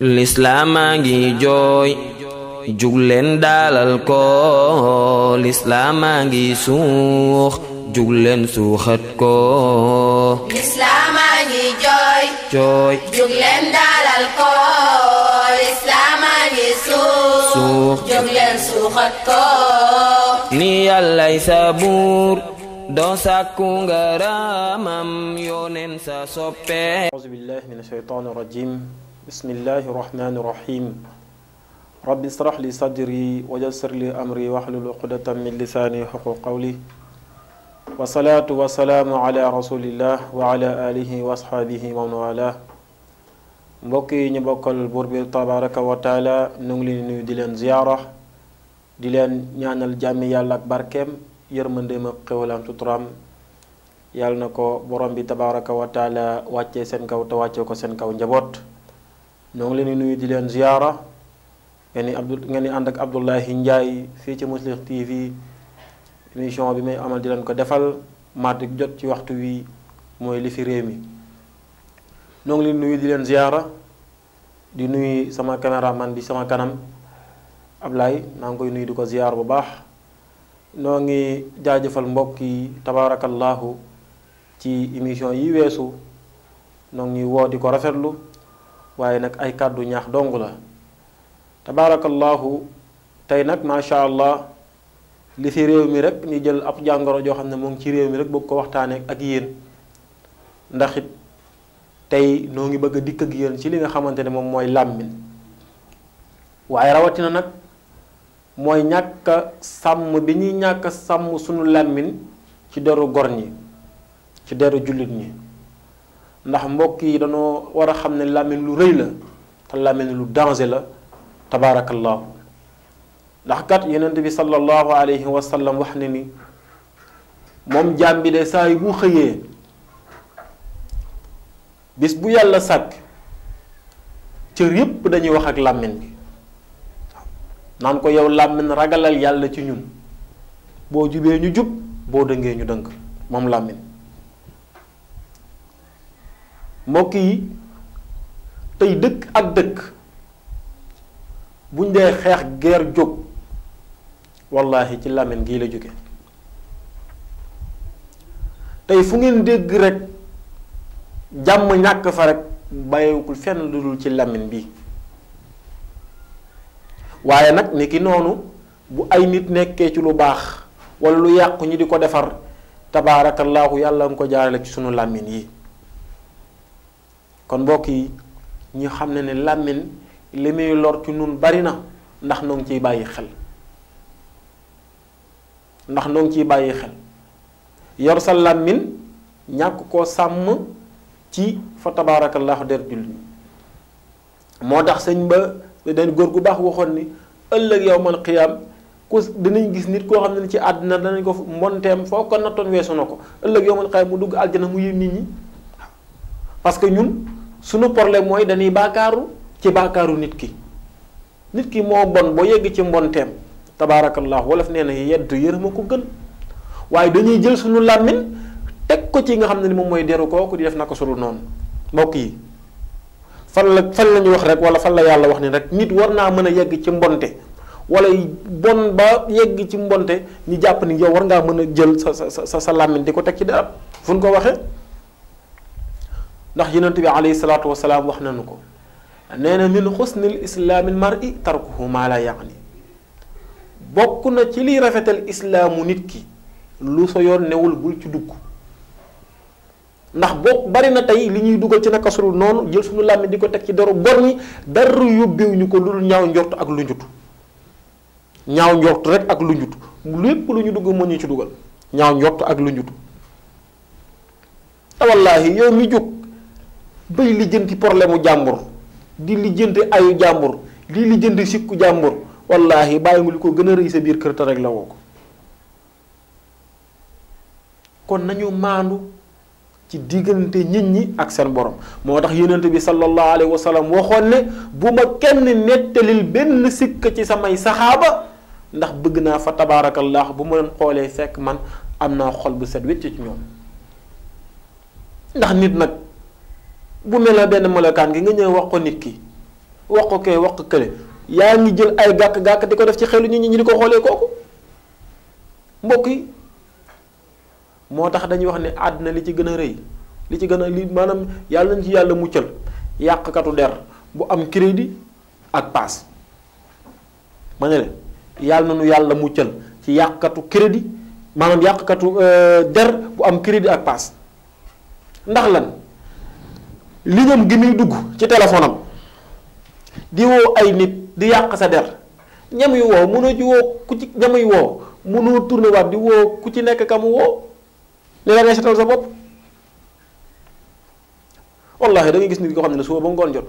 lislaamaa ngi jooy jugleen daalal ko lislaamaa ngi suux jugleen suuxat ko ni yàllay sabuur doo sàkku ngërëmam yooneen sa soppe auzu billahi min ashaytaani rajim bismillahi rahmaani rahim rabbi israh li sadri li amri wahlul uqdatan min lisaani xaqu qawli wa salaatu wa salaamu ala wa ala alihi wa asxaabihi wa man wala yi ñu bokkal buur bi wa taala nu ngi leen nuyu di leen ziyaara di leen ñaanal jàmmi yàlla ak barkeem yërmandeem ak xéwalam suturaam yàlla na ko borom bi tabaraka wa taala wàccee seen kaw te wàccee ko seen kaw njaboot ñoo leen di nuyu di leen ziyaara ngeen di abdu ngeen di ànd ak Abdoulaye Ndiaye fii ci Mouslih TV émission bi may amal di leen ko defal mardi jot ci waxtu wi mooy li fi réew mi ñoo ngi leen nuyu di leen ziyaara di nuyu sama man bi sama kanam Ablaye naa ngi koy nuyu di ko ziyaar bu baax noo ngi jaajëfal mbokk yi tabaarakallaahu ci émission yi weesu noo ngi woo di ko rafetlu waaye nag ay kàddu ñaax dong la tabaarakallaahu tey nag macha allah li ci réew mi rek ñu jël ab jàngoro joo xam ne mu ngi ci réew mi rek bëgg ko waxtaanee ak yéen ndaxit tey noo ngi bëgg a dikk ak yéen ci li nga xamante ne moom mooy làmmiñ waaye rawatina nag mooy ñàkk sàmm bi ñuy ñàkk sàmm suñu làmmiñ ci deru gor ñi ci deru jullit ñi. ndax mbokk yi dañoo war a xam ne làmmiñ lu rëy la te làmmiñ lu danger la tabaarakallaahu ndax kat yeneen bi sallallahu alayhi wa wax ne ni moom jaam bi de saa yu bu xëyee bis bu yàlla sàkk cër yépp dañuy wax ak làmmiñ bi naan ko yow làmmiñ ragalal yàlla ci ñun boo jubee ñu jub boo dëngee ñu dëng moom làmmiñ mbokk yi tey dëkk ak dëkk buñ dee xeex geer jóg wallaahi ci làmmiñ gii la jóge tey fu ngeen dégg rek jàmm ñàkk fa rek bàyyiwul fenn lu dul ci làmmiñ bi waaye nag ni ki noonu bu ay nit nekkee ci lu baax wala lu yàqu ñi di ko defar tabaarakallaahu yàlla nga ko jaarale ci sunu làmmiñ yi kon mbokk yi ñu xam ne ne làmmiñ li muy lor ci nun bari na ndax noo ngi ciy bàyyi xel ndax noo ngi ciy bàyyi xel yor sa làmmiñ ñàkk ko sàmm ci fa tabaarakallaahu der jullit moo tax sëñ ba dañ góor gu baax waxoon ni ëllëg yow man xiyaam ku dinañ gis nit koo xam ne ci àddina danañ ko mbonteem foo ko nattoon weesu na ko ëllëg yow man xiyaam mu dugg aljana mu yëm nit ñi parce ñun sunu problème mooy dañuy baakaaru ci baakaaru nit ki nit ki moo bon boo yegg ci mbonteem tabaarakallah wolof nee na yedd yërëma ko gën waaye dañuy jël sunu làmmiñ teg ko ci nga xam ne ni moom mooy deru kooku di def na naka sulu noonu mbokk yi fan la fan la ñu wax rek wala fan la yàlla wax ni rek nit war naa mën a yegg ci mbonte wala bon ba yegg ci mbonte ñu jàpp ni yow war ngaa mën a jël sa sa sa sa làmmiñ di ko teg ci dara fu ñu ko waxee ndax yonent bi alayhi salaatu wasalaam wax nanu ko nee na min xusnil islaamil mar'i tarkuhu maa laa ni bokk na ci liy rafetal islaamu nit ki lu sa yoon newul bul ci dugg ndax boo bari na tey li ñuy dugal ci naka sulu noonu jël suñu làmmiñ di ko teg ci deru gor ñi dara yóbbewu ko lu ñaaw njort ak lu njut ñaaw njort rek ak lu njut yépp lu ñu dugg moo ñu ci dugal ñaaw njort ak lu njut wallaahi yow mi jóg bay lijjanti problème mu jàmbur di lijjanti ayu jàmbur di lijjanti sikku jàmbur wallaahi bàyyi nga lu ko gën a rëy sa biir kër te rek la woo ko kon nañu maandu ci diggante nit ñi ak seen borom moo tax yeneent bi sallallahu alayhi wa waxoon ne bu ma kenn nettalil benn sikk ci samay saxaaba ndax bëgg naa fa tabaarakallah bu ma leen xoolee fekk man am naa xol bu set wécc ci ñoom ndax nit nag. bu meloo benn melokaan gi nga ñëw wax ko nit ki wax ko kee wax kële yaa ngi jël ay gàkk-gàkk di ko def ci xelu nit ñi ñu di ko xoolee kooku mbokk yi moo tax dañuy wax ne àddina li ci gën a rëy li ci gën a li maanaam yàlla nañ ci yàlla muccal yàqkatu der bu am crédit ak paas ma ne leen na nu yàlla muccal ci yàqkatu crédit maanaam yàqkatu euh, der bu am crédit ak paas ndax lan. liggéeyam gi muy dugg ci téléphone am di woo ay nit di yàq sa der ñam yu woo mënoo ci woo ku ci ñam yu woo mënoo tourné waat di woo ku ci nekk ka mu woo ne la setal sa bopp wallahi da ngay gis nit koo xam ne suba ba ngoon jot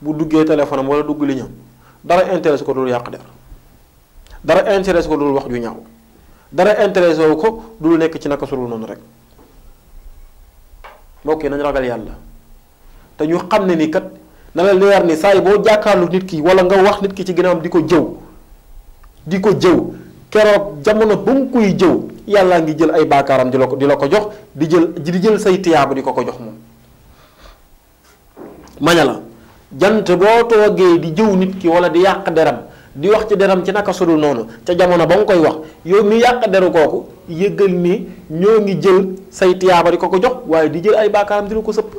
bu duggee téléphone am wala dugg liggéeyam dara intéressé ko dul yàq der dara intéressé ko dul wax ju ñaaw dara intéressé ko dul nekk ci naka sulul noonu rek. mbokk yi nañ ragal yàlla te ñu xam ne ni kat na la leer ni saa yi boo jàkkaarlu nit ki wala nga wax nit ki ci ginnaawam di ko jëw di ko jëw keroog jamono ba mu jëw yàllaa ngi jël ay baakaaram di la ko di la ko jox di jël di jël say tiyaabu di ko ko jox moom maña la jant boo toogee di jëw nit ki wala di yàq deram di wax ci deram ci naka sudul noonu ca jamono ba nga koy wax yow mi yàq deru kooku yëgal ni ñoo ngi jël say tiyaaba di ko ko jox waaye di jël ay baakaaram di la ko sëpp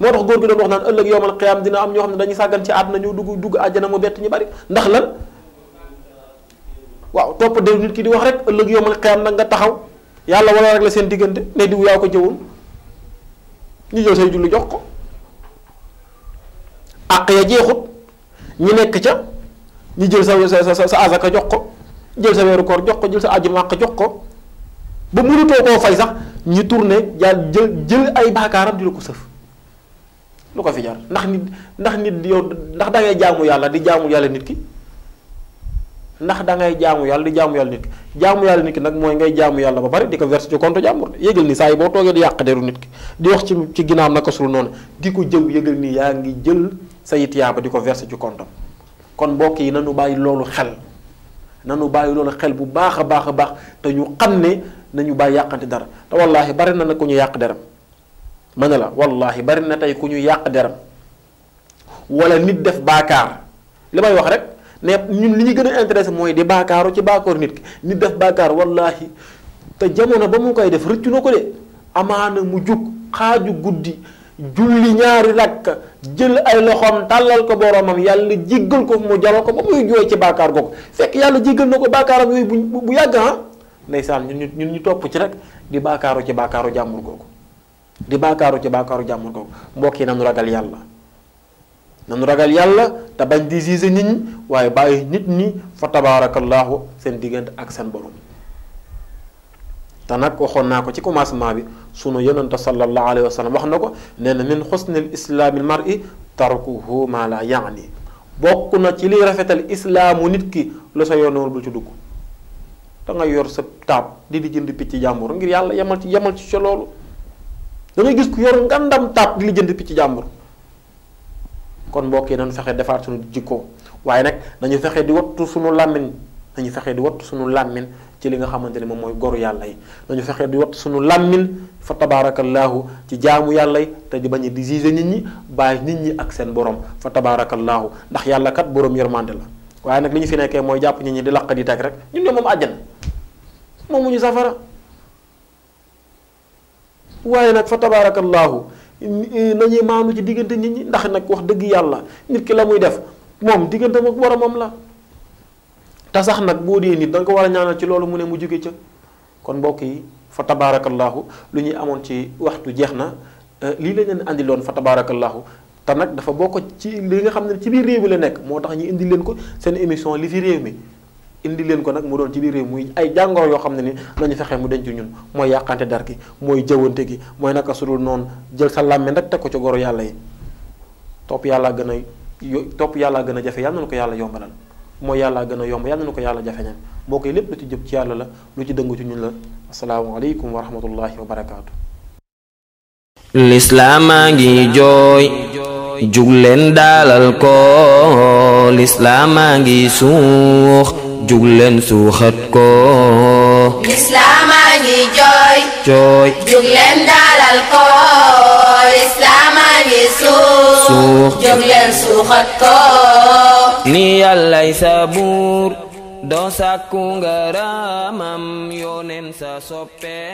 moo tax góor gi doon wax naan ëllëg yowmal qiyaam dina am ñoo xam ne dañuy sàggan ci àdduna ñu dugg dugg àjjana mu bett ñu bari ndax lan waaw topp deru nit ki di wax rek ëllëg yowmal qiyaam nag nga taxaw yàlla wala rek la seen diggante ne diw yaa ko jëwoon ñu jël say julli jox ko àq ya jeexut ñu nekk ca ñu jël sa sa sa azaka jox ko jël sa weeru koor jox ko jël sa aju màq jox ko ba mënutoo koo fay sax ñu tourné jàll jël jël ay baakaaram di la ko sëf lu ko fi jar ndax nit ndax nit yow ndax da ngay jaamu yàlla di jaamu yàlla nit ki ndax da ngay jaamu yàlla di jaamu yàlla nit ki yàlla nit ki nag mooy ngay jaamu yàlla ba pare di ko verse ci compte jàmbur yëgal ni saa yi boo toogee di yàq deru nit ki di wax ci ci ginnaaw naka sul noonu di ko jëw yëgal ni yaa ngi jël sa yit yaa di ko verse ci compte kon mbokk yi nanu bàyyi loolu xel nanu bàyyi loolu xel bu baax a baax a baax te ñu xam ne nañu bàyyi yàqante dara te wallaahi bari na na ku ñu yàq deram mën na la wallaahi bari na tey ku ñu yàq deram wala nit def baakaar li may wax rek ne ñun li ñu gën a intéressé mooy di baakaaru ci baakaaru nit ki nit def baakaar wallaahi te jamono ba mu koy def rëccu na ko de amaana mu jug xaaju guddi julli ñaari rakk jël ay loxoom tàllal ko boromam yàlla jéggal ko mu jaral ko ba muy jooy ci baakaar googu fekk yàlla jéggal na ko baakaaram yi bu bu yàgg ah ndeysaan ñun ñun ñu topp ci rek di baakaaru ci baakaaru jàmbur googu di baakaaru ci baakaaru jàmbur googu mbokk yi nanu ragal yàlla nanu ragal yàlla te bañ di juger nit ñi waaye bàyyi nit ñi fa tabaarakallaahu seen diggante ak seen borom. te nag waxoon naa ko ci commencement bi sunu yonente sallallahu alayhi wa sallam wax na ko nee na min xusnil islaamil mar'i tarkuhu ma la yaani bokk na ci li rafetal islaamu nit ki lu sa yoonewul bul ci dugg dangay yor sa taab di di jënd picc jàmbur ngir yàlla yemal ci yemal ci sa loolu gis ku yor ngandam taab di li jënd picc jàmbur kon mbokk yi nañu fexe defaat suñu jikko waaye nag nañu fexe di wattu suñu làmmiñ nañu fexe di wattu suñu làmmiñ ci li nga xamante ne moom mooy goru yàlla yi dañu fexe di wat suñu làmmiñ fa tabaarakallaahu ci jaamu yàlla yi te di bañ di juger nit ñi bàyyi nit ñi ak seen borom fa tabaarakallaahu ndax yàlla kat borom yërmande la waaye nag li ñu fi nekkee mooy jàpp nit ñi di laq di teg rek ñun de moom àjjana moom mu ñu safara waaye nag fa tabaarakallaahu nañuy maanu ci diggante nit ñi ndax nag wax dëgg yàlla nit ki la muy def moom diggante moom boromam la. te sax nag boo dee nit da ko war a ñaanal ci loolu mu ne mu jóge ca kon mbokk yi fa tabaarakallaahu lu ñuy amoon ci waxtu jeex na euh, lii lañ leen andiloon fa tabaarakallaahu te nag dafa bokk ci li nga xam ne ci biir réew mi la nekk moo tax ñu indi leen ko seen émission li fi réew mi indi leen ko nag mu doon ci biir réew muy ay jàngoro yoo xam ne ni nañu fexe mu denc ñun mooy yàqante dar gi mooy jëwante gi mooy naka su dul noonu jël sa làmmiñ rek teg ko ci goro yàlla yi topp yàlla gën a yo topp yàlla gën a jafe yàlla na ko yàlla yombalal mooy yàllaa gën a yomb yàlla na ko yàlla jafeñal boo koy lépp lu ci jub ci yàlla la lu ci dëngu ci ñun la asalaamaaleykum wa rahmatullahi wa barakaatu. lislaamaa ngi jooy jug leen daalal ko lislaamaa ngi suux jug leen suuxat ko. li jooy jooy jóg leen dalal ko lislaam a suux suux jóg leen suuxat ni yàllay sa buur doo sàkku ngaramam yonen sa soppe